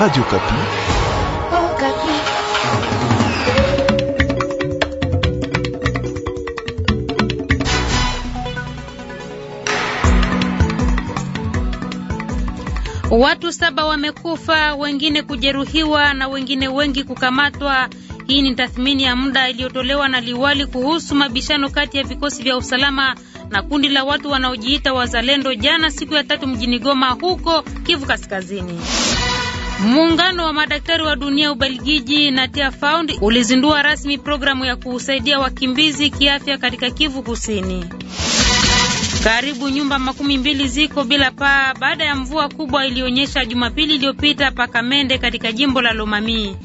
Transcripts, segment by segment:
Radio Kapi. Oh, Kapi. Watu saba wamekufa, wengine kujeruhiwa na wengine wengi kukamatwa. Hii ni tathmini ya muda iliyotolewa na liwali kuhusu mabishano kati ya vikosi vya usalama na kundi la watu wanaojiita wazalendo jana siku ya tatu mjini Goma huko Kivu Kaskazini. Muungano wa madaktari wa dunia Ubelgiji na Tia Found ulizindua rasmi programu ya kusaidia wakimbizi kiafya katika Kivu Kusini. Karibu nyumba makumi mbili ziko bila paa baada ya mvua kubwa ilionyesha Jumapili iliyopita Pakamende katika jimbo la Lomami.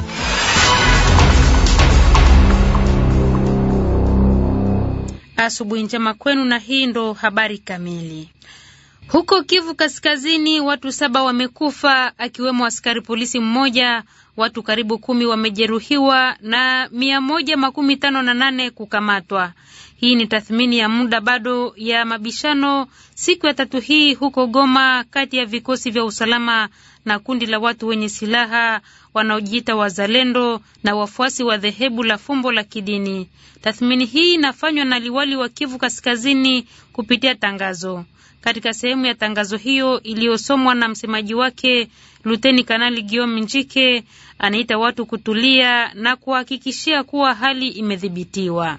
Asubuhi njema kwenu na hii ndo habari kamili. Huko Kivu Kaskazini, watu saba wamekufa akiwemo askari polisi mmoja, watu karibu kumi wamejeruhiwa na mia moja makumi tano na nane kukamatwa. Hii ni tathmini ya muda bado ya mabishano siku ya tatu hii huko Goma, kati ya vikosi vya usalama na kundi la watu wenye silaha wanaojiita wazalendo na wafuasi wa dhehebu la fumbo la kidini. Tathmini hii inafanywa na liwali wa Kivu Kaskazini kupitia tangazo katika sehemu ya tangazo hiyo iliyosomwa na msemaji wake Luteni Kanali Guillaume Njike anaita watu kutulia na kuhakikishia kuwa hali imedhibitiwa.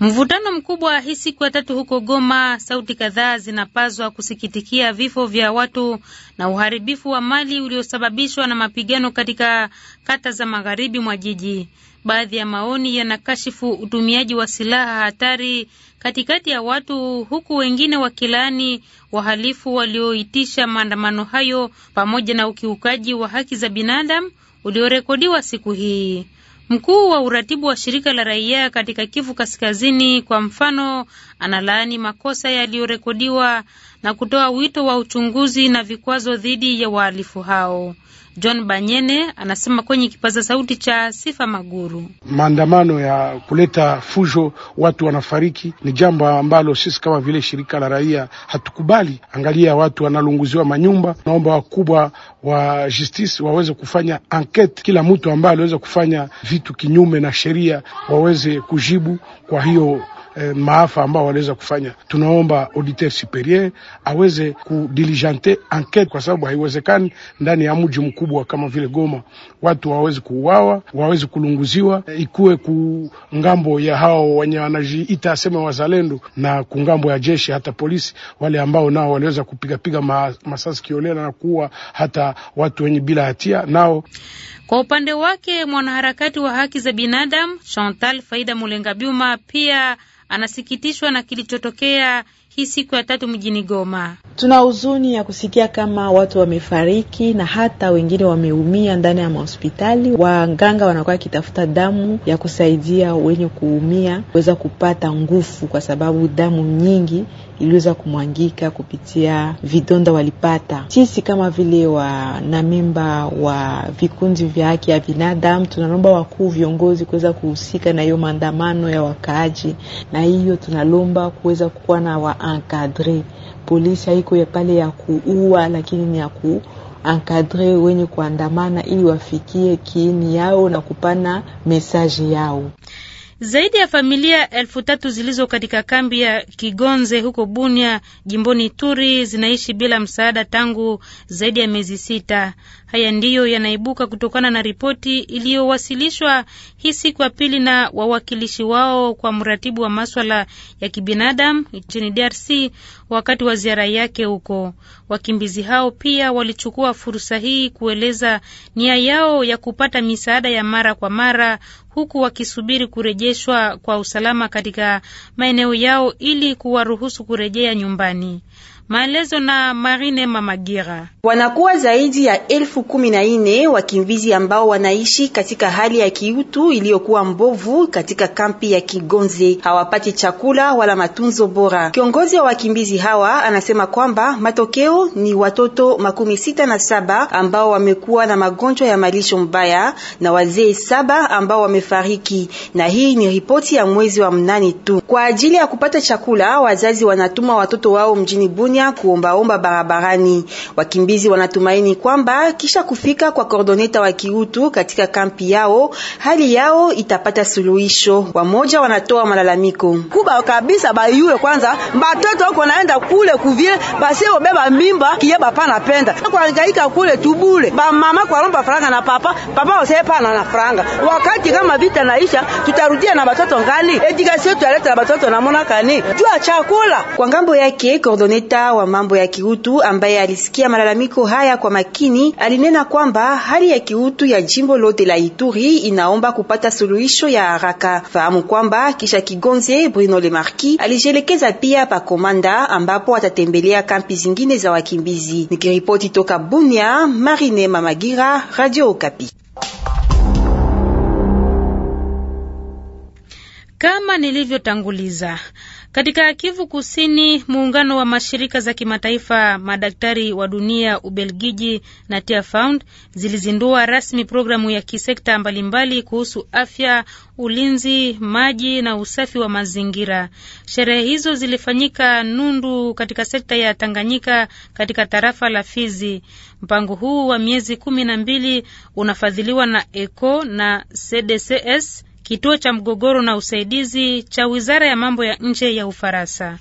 Mvutano mkubwa hii siku ya tatu huko Goma, sauti kadhaa zinapazwa kusikitikia vifo vya watu na uharibifu wa mali uliosababishwa na mapigano katika kata za magharibi mwa jiji. Baadhi ya maoni yanakashifu utumiaji wa silaha hatari katikati ya watu, huku wengine wakilaani wahalifu walioitisha maandamano hayo pamoja na ukiukaji wa haki za binadamu uliorekodiwa siku hii. Mkuu wa uratibu wa shirika la raia katika Kivu Kaskazini, kwa mfano, analaani makosa yaliyorekodiwa na kutoa wito wa uchunguzi na vikwazo dhidi ya wahalifu hao. John Banyene anasema kwenye kipaza sauti cha Sifa Maguru. Maandamano ya kuleta fujo, watu wanafariki, ni jambo ambalo sisi kama vile shirika la raia hatukubali. Angalia, watu wanalunguziwa manyumba. Naomba wakubwa wa justice waweze kufanya enquete, kila mtu ambaye aliweza kufanya vitu kinyume na sheria waweze kujibu. Kwa hiyo Eh, maafa ambao waliweza kufanya. Tunaomba auditeur superieur aweze kudiligente enquete, kwa sababu haiwezekani ndani ya mji mkubwa kama vile Goma watu waweze kuuawa, waweze kulunguziwa, eh, ikuwe ku ngambo ya hao wenye wanajiita asema wazalendo na kungambo ya jeshi hata polisi, wale ambao nao waliweza kupigapiga ma, masasi kiolela na kuua hata watu wenye bila hatia nao. Kwa upande wake mwanaharakati wa haki za binadamu Chantal Faida Mulengabyuma pia anasikitishwa na kilichotokea hii siku ya tatu mjini Goma. Tuna huzuni ya kusikia kama watu wamefariki na hata wengine wameumia ndani ya mahospitali. Waganga wanakuwa wakitafuta damu ya kusaidia wenye kuumia kuweza kupata nguvu, kwa sababu damu nyingi iliweza kumwangika kupitia vidonda walipata. Sisi kama vile wanamemba wa vikundi vya haki ya binadamu tunalomba wakuu viongozi kuweza kuhusika na hiyo maandamano ya wakaaji, na hiyo tunalomba kuweza kuwa na waankadre. Polisi haiko ya pale ya kuua, lakini ni ya ku ankadre wenye kuandamana ili wafikie kiini yao na kupana mesaji yao. Zaidi ya familia elfu tatu zilizo katika kambi ya Kigonze huko Bunia jimboni turi zinaishi bila msaada tangu zaidi ya miezi sita. Haya ndiyo yanaibuka kutokana na ripoti iliyowasilishwa hii siku ya pili na wawakilishi wao kwa mratibu wa maswala ya kibinadamu nchini DRC wakati wa ziara yake huko. Wakimbizi hao pia walichukua fursa hii kueleza nia yao ya kupata misaada ya mara kwa mara huku wakisubiri kurejeshwa kwa usalama katika maeneo yao ili kuwaruhusu kurejea nyumbani. Maelezo na Marine Mamagira. Wanakuwa zaidi ya elfu kumi na nne wakimbizi ambao wanaishi katika hali ya kiutu iliyokuwa mbovu katika kampi ya Kigonze, hawapati chakula wala matunzo bora. Kiongozi wa wakimbizi hawa anasema kwamba matokeo ni watoto makumi sita na saba ambao wamekuwa na magonjwa ya malisho mbaya na wazee saba ambao wamefariki, na hii ni ripoti ya mwezi wa mnani tu. Kwa ajili ya kupata chakula, wazazi wanatuma watoto wao mjini Bunia wanafanya kuombaomba barabarani. Wakimbizi wanatumaini kwamba kisha kufika kwa kordoneta wa kiutu katika kampi yao hali yao itapata suluhisho. Wamoja wanatoa malalamiko kuba kabisa bayule kwanza batoto wako naenda kule kuvie basi obeba mimba kiye bapa napenda kuangaika kule tubule ba mama kwa romba franga na papa papa osepa na na franga wakati kama vita naisha tutarudia na batoto ngali edikasio tualeta na batoto na mona kani jua chakula kwa ngambo yake kordoneta wa mambo ya kiutu ambaye alisikia malalamiko haya kwa makini, alinena kwamba hali ya kiutu ya jimbo lote la Ituri inaomba kupata suluhisho ya haraka. Fahamu kwamba kisha Kigonze, Bruno Le Marquis alijielekeza pia pa Komanda ambapo atatembelea kampi zingine za wakimbizi. Nikiripoti toka Bunia, Marine Mamagira, Radio Okapi. Kama nilivyotanguliza katika Kivu Kusini, muungano wa mashirika za kimataifa madaktari wa dunia Ubelgiji na tfund zilizindua rasmi programu ya kisekta mbalimbali kuhusu afya, ulinzi, maji na usafi wa mazingira. Sherehe hizo zilifanyika Nundu katika sekta ya Tanganyika katika tarafa la Fizi. Mpango huu wa miezi kumi na mbili unafadhiliwa na ECO na CDCS kituo cha mgogoro na usaidizi cha wizara ya mambo ya nje ya Ufaransa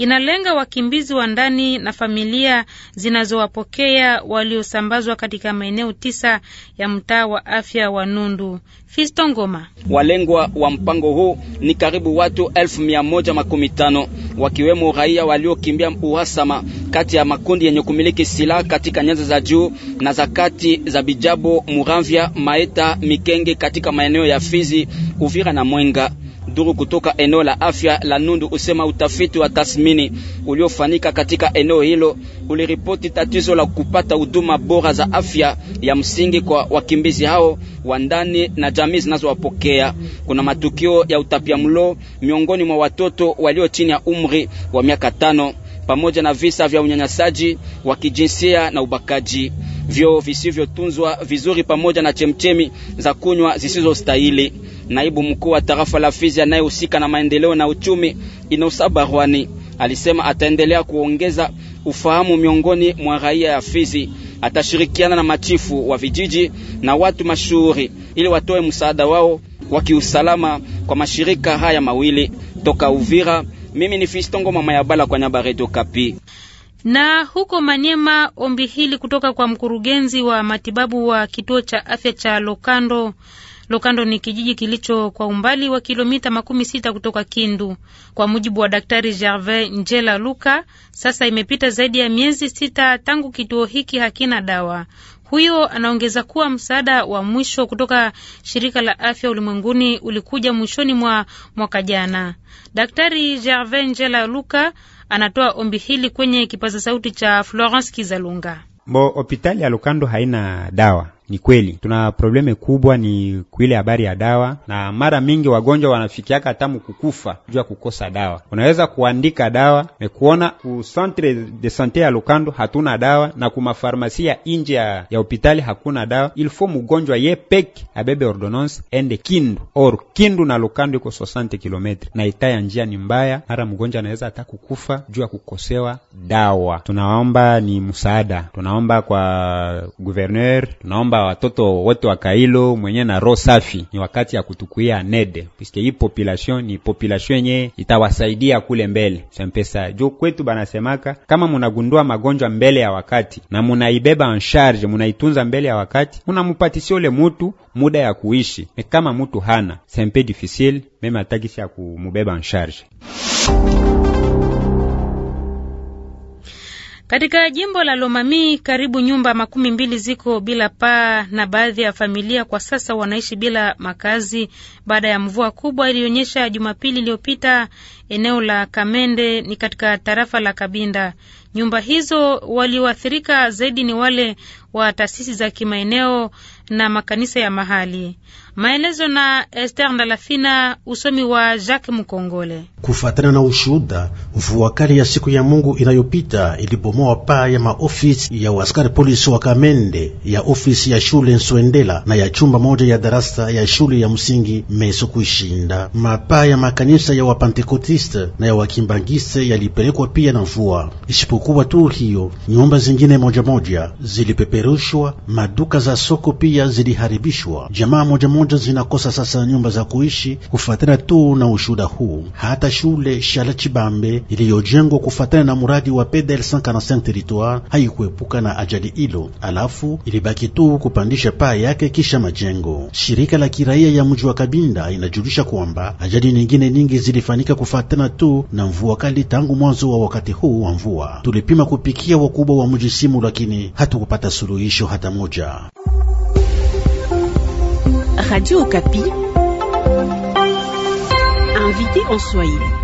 inalenga wakimbizi wa ndani na familia zinazowapokea waliosambazwa katika maeneo tisa ya mtaa wa afya wa Nundu. Fisto Ngoma. Walengwa wa mpango huu ni karibu watu elfu mia moja makumi tano wakiwemo raia waliokimbia uhasama kati ya makundi yenye kumiliki silaha katika nyanza za juu na za kati za Bijabo, Muramvya, Maeta, Mikenge katika maeneo ya Fizi, Uvira na Mwenga. Duru kutoka eneo la afya la Nundu usema utafiti wa tathmini uliofanyika katika eneo hilo uliripoti tatizo la kupata huduma bora za afya ya msingi kwa wakimbizi hao wa ndani na jamii zinazowapokea. Kuna matukio ya utapiamlo miongoni mwa watoto walio chini ya umri wa miaka tano pamoja na visa vya unyanyasaji wa kijinsia na ubakaji vyoo visivyotunzwa vizuri, pamoja na chemchemi za kunywa zisizostahili. Naibu mkuu wa tarafa la Fizi anayehusika na maendeleo na uchumi Inosa Barwani alisema ataendelea kuongeza ufahamu miongoni mwa raia ya Fizi. Atashirikiana na machifu wa vijiji na watu mashuhuri ili watoe msaada wao wa kiusalama kwa mashirika haya mawili. Toka Uvira, mimi ni Fistongo mama ya Bala kwa Nyaba, Kapi. Na huko Maniema, ombi hili kutoka kwa mkurugenzi wa matibabu wa kituo cha afya cha Lokando. Lokando ni kijiji kilicho kwa umbali wa kilomita makumi sita kutoka Kindu. Kwa mujibu wa Daktari Gervais Njela Luka, sasa imepita zaidi ya miezi sita tangu kituo hiki hakina dawa. Huyo anaongeza kuwa msaada wa mwisho kutoka shirika la afya ulimwenguni ulikuja mwishoni mwa mwaka jana. Daktari Gervais Njela Luka anatoa ombi hili kwenye kipaza sauti cha Florence Kizalunga. mbo hopitali ya Lukando haina dawa ni kweli tuna probleme kubwa, ni kuile habari ya dawa, na mara mingi wagonjwa wanafikiaka hatamu kukufa jua kukosa dawa. Unaweza kuandika dawa mekuona ku centre de sante ya Lukando hatuna dawa, na ku mafarmasi ya ya hopitali hakuna dawa. Ilifo mgonjwa ye peke abebe ordonance ende Kindu or Kindu na Lukando iko 60 km na itaya njia ni mbaya, mara mgonjwa anaweza hata kukufa jua kukosewa dawa. Tunaomba ni msaada, tunaomba kwa gouverneur, tunaomba watoto wote wa Kailo mwenye na roho safi, ni wakati ya kutukuia nede, piske hii population ni population yenye itawasaidia kule mbele. Sempesa jo kwetu banasemaka kama munagundua magonjwa mbele ya wakati na munaibeba en charge, munaitunza mbele ya wakati, munamupatisia ule mutu muda ya kuishi. Me kama mutu hana, sempe difficile meme atakisha kumubeba en charge katika jimbo la Lomami karibu nyumba makumi mbili ziko bila paa na baadhi ya familia kwa sasa wanaishi bila makazi baada ya mvua kubwa ilionyesha Jumapili iliyopita eneo la Kamende ni katika tarafa la Kabinda. Nyumba hizo walioathirika zaidi ni wale wa taasisi za kimaeneo na makanisa ya mahali. Maelezo na Esther Ndalafina, usomi wa Jacques Mkongole. Kufuatana na ushuhuda, mvua kali ya siku ya Mungu inayopita ilibomoa paa ya maofisi ya waskari polisi wa Kamende, ya ofisi ya shule Nswendela na ya chumba moja ya darasa ya shule ya msingi Meso Kuishinda. Mapaa ya makanisa ya Wapantekotiste na ya Wakimbangiste yalipelekwa pia na mvua. Isipokuwa tu hiyo, nyumba zingine moja moja zilipeperushwa, maduka za soko pia ziliharibishwa. Jamaa moja moja moja zinakosa sasa nyumba za kuishi kufatana tu na ushuda huu. Hata shule Shala Chibambe iliyojengwa kufatana na muradi wa PDL 145 territoire haikuepuka na ajali hilo, alafu ilibaki tu kupandisha paa yake kisha majengo. Shirika la kiraia ya mji wa Kabinda inajulisha kwamba ajali nyingine nyingi zilifanyika kufatana tu na mvua kali tangu mwanzo wa wakati huu wa mvua. Tulipima kupikia wakubwa wa mji simu, lakini hatukupata suluhisho hata moja. Radio Okapi, invité en soirée.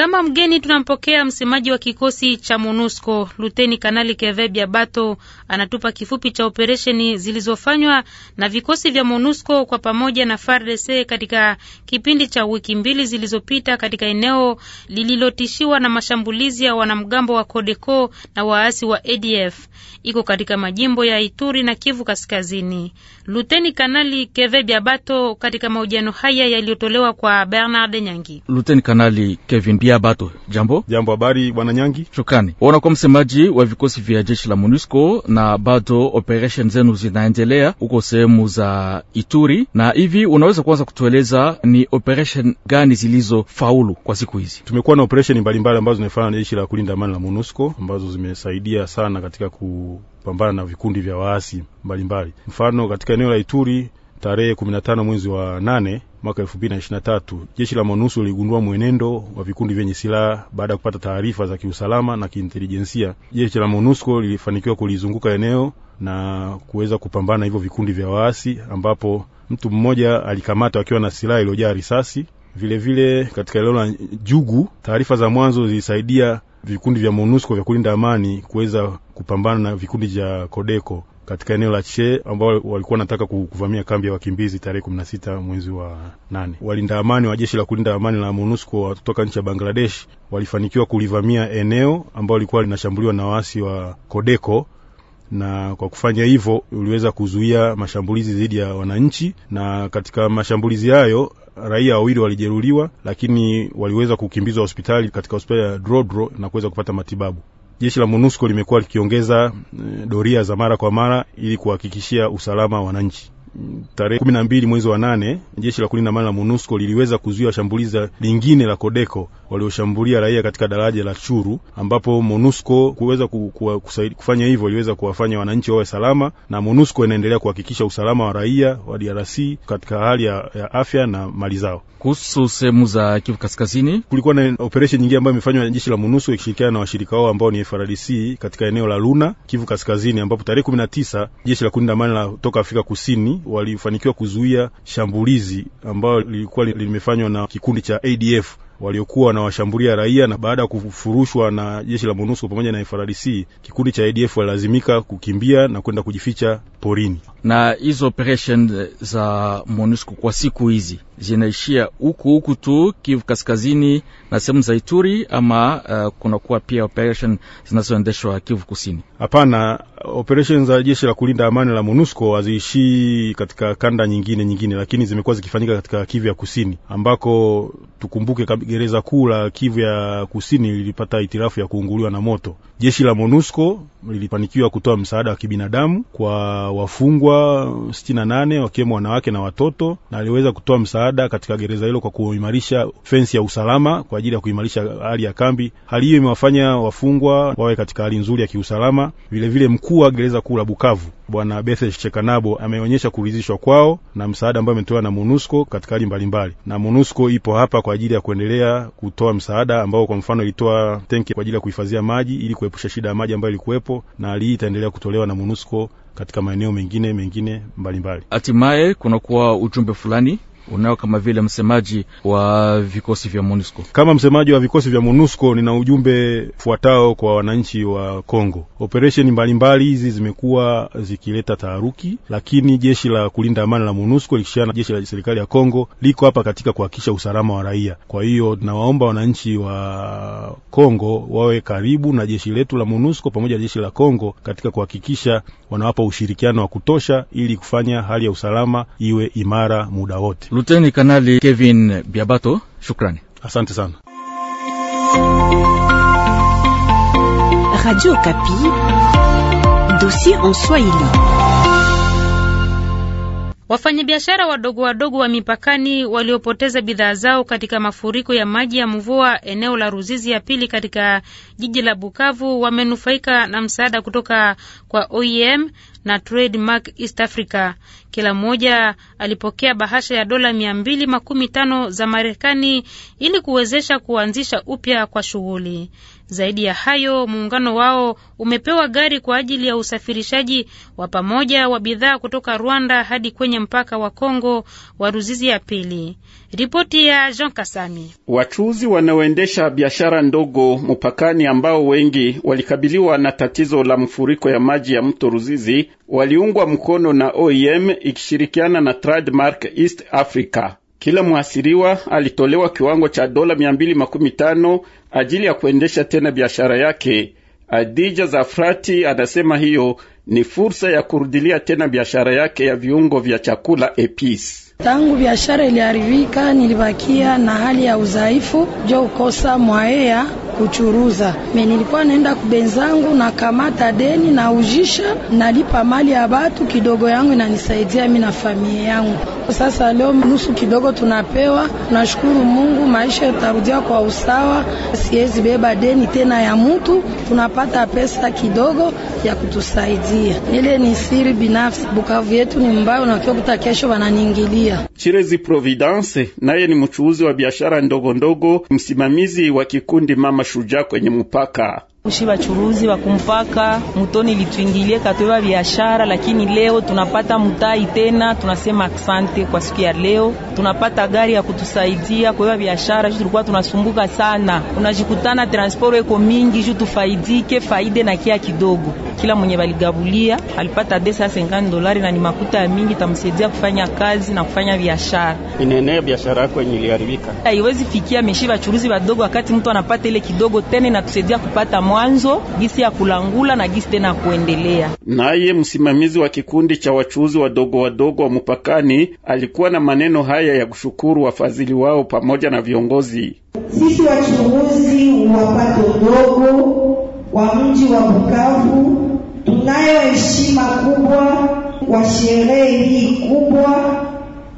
Kama mgeni tunampokea msemaji wa kikosi cha MONUSCO Luteni Kanali Keve Biabato, anatupa kifupi cha operesheni zilizofanywa na vikosi vya MONUSCO kwa pamoja na FARDC katika kipindi cha wiki mbili zilizopita katika eneo lililotishiwa na mashambulizi ya wanamgambo wa CODECO na waasi wa ADF iko katika majimbo ya Ituri na Kivu Kaskazini. Luteni Kanali Keve Biabato katika mahojiano haya yaliyotolewa kwa Bernard Nyangi. Luteni Kanali Kevin Maria Bato, jambo. Jambo, habari bwana Nyangi. Shukrani. kwa msemaji wa vikosi vya jeshi la MONUSCO na bado operation zenu zinaendelea huko sehemu za Ituri, na hivi unaweza kuanza kutueleza ni operation gani zilizofaulu kwa siku hizi? Tumekuwa na operation mbalimbali ambazo zimefanya na jeshi la kulinda amani la MONUSCO ambazo zimesaidia sana katika kupambana na vikundi vya waasi mbalimbali mbali. Mfano katika eneo la Ituri tarehe 15 mwezi wa 8 mwaka 2023 jeshi la MONUSCO liligundua mwenendo wa vikundi vyenye silaha baada ya kupata taarifa za kiusalama na kiintelijensia. Jeshi la MONUSCO lilifanikiwa kulizunguka eneo na kuweza kupambana hivyo vikundi vya waasi, ambapo mtu mmoja alikamatwa akiwa na silaha iliyojaa risasi. Vilevile vile, katika eneo la Jugu, taarifa za mwanzo zilisaidia vikundi vya MONUSCO vya kulinda amani kuweza kupambana na vikundi vya Kodeko katika eneo la Che ambao walikuwa wanataka kuvamia kambi ya wakimbizi tarehe 16 mwezi wa nane. Walinda amani wa jeshi la kulinda amani la MONUSCO kutoka nchi ya Bangladesh walifanikiwa kulivamia eneo ambao lilikuwa linashambuliwa na waasi wa Kodeko na kwa kufanya hivyo uliweza kuzuia mashambulizi dhidi ya wananchi, na katika mashambulizi hayo raia wawili walijeruhiwa, lakini waliweza kukimbizwa hospitali katika hospitali ya Drodro na kuweza kupata matibabu jeshi la MONUSCO limekuwa likiongeza eh, doria za mara kwa mara ili kuhakikishia usalama wananchi tarehe kumi na mbili mwezi wa nane jeshi la kulinda amani la MONUSCO liliweza kuzuia shambulizi lingine la Kodeko walioshambulia raia katika daraja la Churu, ambapo MONUSCO kuweza ku, ku, kufanya hivyo iliweza kuwafanya wananchi wawe salama, na MONUSCO inaendelea kuhakikisha usalama wa raia wa DRC katika hali ya, ya afya na mali zao. Kuhusu sehemu za Kivu Kaskazini, kulikuwa na operesheni nyingine ambayo imefanywa na jeshi la MONUSCO ikishirikiana na washirika wao ambao ni frdc katika eneo la Luna, Kivu Kaskazini, ambapo tarehe 19 jeshi la kulinda amani la toka Afrika Kusini walifanikiwa kuzuia shambulizi ambayo lilikuwa limefanywa na kikundi cha ADF waliokuwa wanawashambulia raia, na baada ya kufurushwa na jeshi la MONUSCO pamoja na FRDC, kikundi cha ADF walilazimika kukimbia na kwenda kujificha porini. Na hizo operation za MONUSCO kwa siku hizi zinaishia huku huku tu Kivu Kaskazini na sehemu za Ituri, ama uh, kunakuwa pia operation zinazoendeshwa Kivu Kusini? Hapana, operation za jeshi la kulinda amani la MONUSCO haziishii katika kanda nyingine nyingine, lakini zimekuwa zikifanyika katika Kivu ya Kusini ambako Tukumbuke gereza kuu la Kivu ya kusini lilipata itirafu ya kuunguliwa na moto. Jeshi la MONUSCO lilifanikiwa kutoa msaada wa kibinadamu kwa wafungwa 68 wakiwemo wanawake na watoto, na aliweza kutoa msaada katika gereza hilo kwa kuimarisha fensi ya usalama kwa ajili ya kuimarisha hali ya kambi. Hali hiyo imewafanya wafungwa wawe katika hali nzuri ya kiusalama. Vilevile mkuu wa gereza kuu la Bukavu Bwana Bethe Shekanabo ameonyesha kuridhishwa kwao na msaada ambao ametoa na MONUSCO katika hali mbalimbali, na MONUSCO ipo hapa kwa kwa ajili ya kuendelea kutoa msaada ambao kwa mfano ilitoa tenki kwa ajili ya kuhifadhia maji ili kuepusha shida ya maji ambayo ilikuwepo, na hali hii itaendelea kutolewa na MONUSCO katika maeneo mengine mengine mbalimbali. Hatimaye kunakuwa ujumbe fulani unao kama vile msemaji wa vikosi vya MONUSCO. Kama msemaji wa vikosi vya MONUSCO, nina ujumbe fuatao kwa wananchi wa Kongo. Operesheni mbalimbali hizi zimekuwa zikileta taharuki, lakini jeshi la kulinda amani la MONUSCO likishana na jeshi la serikali ya Kongo liko hapa katika kuhakikisha usalama wa raia. Kwa hiyo nawaomba wananchi wa Kongo wawe karibu na jeshi letu la MONUSCO pamoja na jeshi la Kongo katika kuhakikisha wanawapa ushirikiano wa kutosha ili kufanya hali ya usalama iwe imara muda wote. Luteni Kanali Kevin Biabato, shukrani, asante sana. Radio Kapi, dossier en Swahili. Wafanyabiashara wadogo wadogo wa mipakani waliopoteza bidhaa zao katika mafuriko ya maji ya mvua eneo la Ruzizi ya pili katika jiji la Bukavu wamenufaika na msaada kutoka kwa OEM na Trademark East Africa. Kila mmoja alipokea bahasha ya dola mia mbili makumi tano za Marekani ili kuwezesha kuanzisha upya kwa shughuli. Zaidi ya hayo, muungano wao umepewa gari kwa ajili ya usafirishaji wa pamoja wa bidhaa kutoka Rwanda hadi kwenye mpaka wa Kongo wa Ruzizi ya pili. Ripoti ya Jean Kasami. Wachuuzi wanaoendesha biashara ndogo mpakani, ambao wengi walikabiliwa na tatizo la mfuriko ya maji ya mto Ruzizi, waliungwa mkono na OIM e ikishirikiana na Trademark East Africa. Kila mwasiriwa alitolewa kiwango cha dola 215 ajili ya kuendesha tena biashara yake. Adija Zafrati anasema hiyo ni fursa ya kurudilia tena biashara yake ya viungo vya chakula Epis. Tangu biashara iliharibika, nilibakia na hali ya udhaifu jo ukosa mwaea kuchuruza me nilikuwa naenda kubenzangu na kamata deni na ujisha nalipa mali ya batu kidogo yangu inanisaidia mi na familia yangu. Sasa leo nusu kidogo tunapewa, tunashukuru Mungu, maisha yatarudia kwa usawa. Siwezi beba deni tena ya mtu, tunapata pesa kidogo ya kutusaidia. Ile ni siri binafsi. Bukavu yetu ni mbaya, unakia kuta kesho wananiingilia pia. Chirezi Providence naye ni mchuuzi wa biashara ndogo ndogo, msimamizi wa kikundi Mama Shujaa kwenye mpaka ushi bachuruzi wakumpaka mutoni litwingilie katoeva biashara, lakini leo tunapata mutai tena, tunasema asante kwa siku ya leo. Tunapata gari ya kutusaidia kueva biashara juu tulikuwa tunasumbuka sana, unajikutana transport eko mingi juu tufaidike faide na kia kidogo. Kila mwenye baligabulia alipata desa ya 50 dolari na ni makuta ya mingi tamsaidia kufanya kazi na kufanya biashara. Inaenea biashara yako yenye iliharibika haiwezi fikia meshi bachuruzi badogo, wakati mtu anapata ile kidogo tena inatusaidia kupata mwanzo, gisi ya kulangula na gisi tena kuendelea. Naye msimamizi wa kikundi cha wachuuzi wadogo wadogo wa mpakani alikuwa na maneno haya ya kushukuru wafadhili wao pamoja na viongozi. Sisi wachuuzi wa pato dogo wa mji wa Bukavu tunayo heshima kubwa kwa sherehe hii kubwa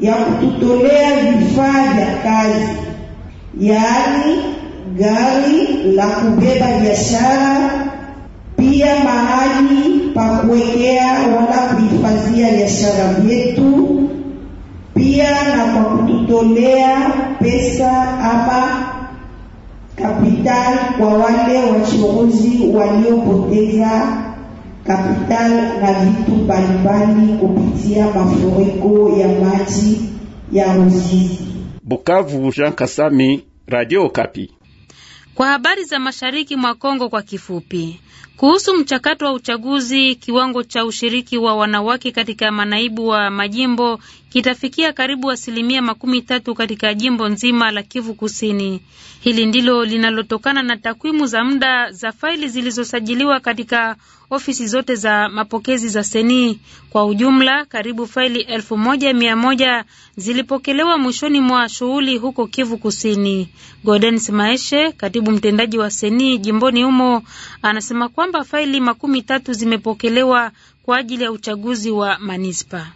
ya kututolea vifaa vya kazi, yaani gari la kubeba biashara, pia mahali pa kuwekea wala kuhifadhia biashara yetu, pia na kwa kututolea pesa ama kapital kwa wale wachuuzi waliopoteza kapital na vitu mbalimbali kupitia mafuriko ya maji ya Ruzizi. Bukavu, Jean Kasami, Radio Kapi. Kwa habari za mashariki mwa Kongo kwa kifupi, kuhusu mchakato wa uchaguzi, kiwango cha ushiriki wa wanawake katika manaibu wa majimbo kitafikia karibu asilimia makumi tatu katika jimbo nzima la Kivu Kusini. Hili ndilo linalotokana na takwimu za muda za faili zilizosajiliwa katika ofisi zote za mapokezi za Seni. Kwa ujumla, karibu faili elfu moja mia moja zilipokelewa mwishoni mwa shughuli huko Kivu Kusini. Godens Maeshe, katibu mtendaji wa Seni jimboni humo, anasema kwa kwamba faili makumi tatu zimepokelewa kwa ajili ya uchaguzi wa manispa.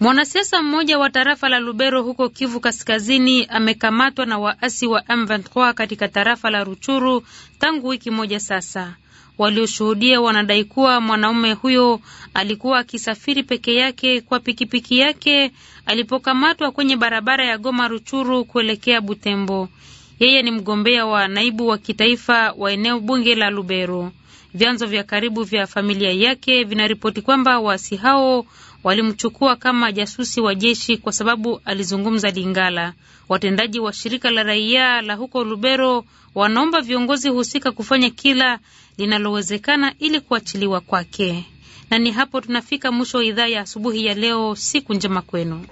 Mwanasiasa mmoja wa tarafa la Lubero huko Kivu Kaskazini amekamatwa na waasi wa M23 katika tarafa la Ruchuru tangu wiki moja sasa. Walioshuhudia wanadai kuwa mwanaume huyo alikuwa akisafiri peke yake kwa pikipiki yake alipokamatwa kwenye barabara ya Goma Ruchuru kuelekea Butembo. Yeye ni mgombea wa naibu wa kitaifa wa eneo bunge la Lubero. Vyanzo vya karibu vya familia yake vinaripoti kwamba waasi hao walimchukua kama jasusi wa jeshi kwa sababu alizungumza Lingala. Watendaji wa shirika la raia la huko Lubero wanaomba viongozi husika kufanya kila linalowezekana ili kuachiliwa kwake. Na ni hapo tunafika mwisho wa idhaa ya asubuhi ya leo. Siku njema kwenu.